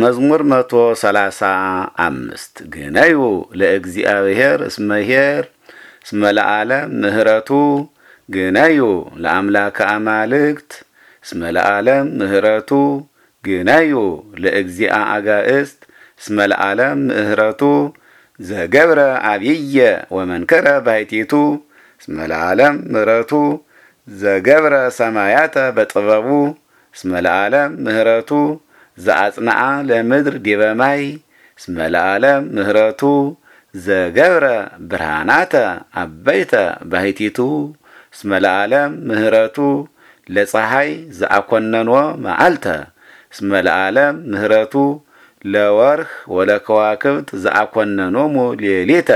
መዝሙር መቶ ሰላሳ አምስት ግነዩ ለእግዚአብሔር እስመ ኄር እስመ ለዓለም ምህረቱ ግነዩ ለአምላክ አማልክት እስመ ለዓለም ምህረቱ ግነዩ ለእግዚአ አጋእስት እስመ ለዓለም ምህረቱ ዘገብረ አብየ ወመንከረ ባይቲቱ እስመ ለዓለም ምህረቱ ዘገብረ ሰማያተ በጥበቡ እስመ ለዓለም ምህረቱ ዘአጽንዓ ለምድር ዲበ ማይ እስመ ለዓለም ምህረቱ ዘገብረ ብርሃናተ አበይተ ባህቲቱ እስመ ለዓለም ምህረቱ ለፀሐይ ዘአኰነንዎ መዓልተ እስመ ለዓለም ምህረቱ ለወርህ ወለከዋክብት ዘአኰነኖሙ ሌሊተ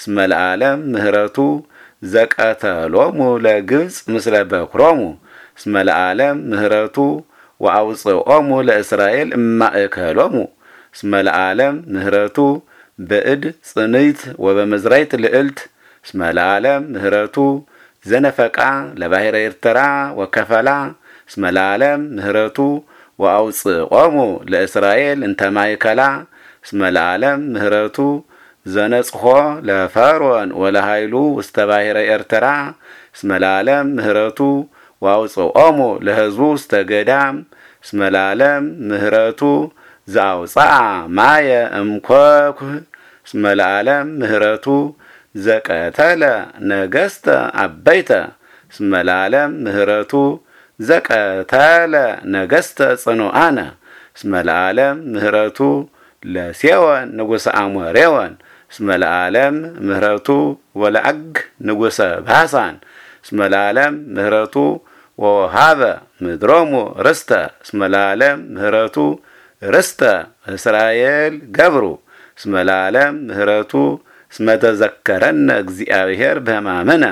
እስመ ለዓለም ምህረቱ ዘቀተሎሙ ለግብፅ ምስለ በኵሮሙ እስመ ለዓለም ምህረቱ ወአውፅኦሙ ለእስራኤል እማእከሎሙ እስመ ለዓለም ምህረቱ በእድ ጽንይት ወበመዝራይት ልዕልት እስመ ለዓለም ምህረቱ ዘነፈቃ ለባሕረ ኤርትራ ወከፈላ እስመ ለዓለም ምህረቱ ወአውፅኦሙ ለእስራኤል እንተ ማእከላ እስመ ለዓለም ምህረቱ ዘነጽሖ ለፈርዖን ወለሃይሉ ውስተ ባሕረ ኤርትራ እስመ ለዓለም ምህረቱ ወአውፅኦሙ ለህዝቡ ውስተ ገዳም እስመ ለዓለም ምህረቱ ዘአውፅአ ማየ እምኮኩህ እስመ ለዓለም ምህረቱ ዘቀተለ ነገሥተ አበይተ እስመ ለዓለም ምህረቱ ዘቀተለ ነገሥተ ጽኑአነ እስመ ለዓለም ምህረቱ ለሴወን ንጉሠ አሞሬወን እስመ ለዓለም ምህረቱ ወለዐግ ንጉሠ ባሳን እስመ ለዓለም ምህረቱ ወሃበ ምድሮሙ ርስተ እስመ ለዓለም ምህረቱ ርስተ እስራኤል ገብሩ እስመ ለዓለም ምህረቱ እስመ ተዘከረነ እግዚአብሔር በሕማምነ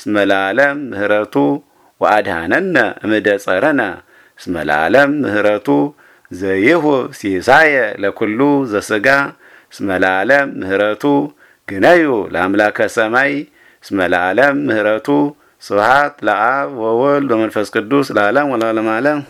እስመ ለዓለም ምህረቱ ወአድሃነነ እምደ ጸረነ እስመ ለዓለም ምህረቱ ዘይሁ ሲሳየ ለኩሉ ዘሥጋ እስመ ለዓለም ምህረቱ ግነዩ ለአምላከ ሰማይ እስመ ለዓለም ምህረቱ ስብሐት ለአብ ወወልድ በመንፈስ ቅዱስ ለዓለም ወለዓለም ዓለም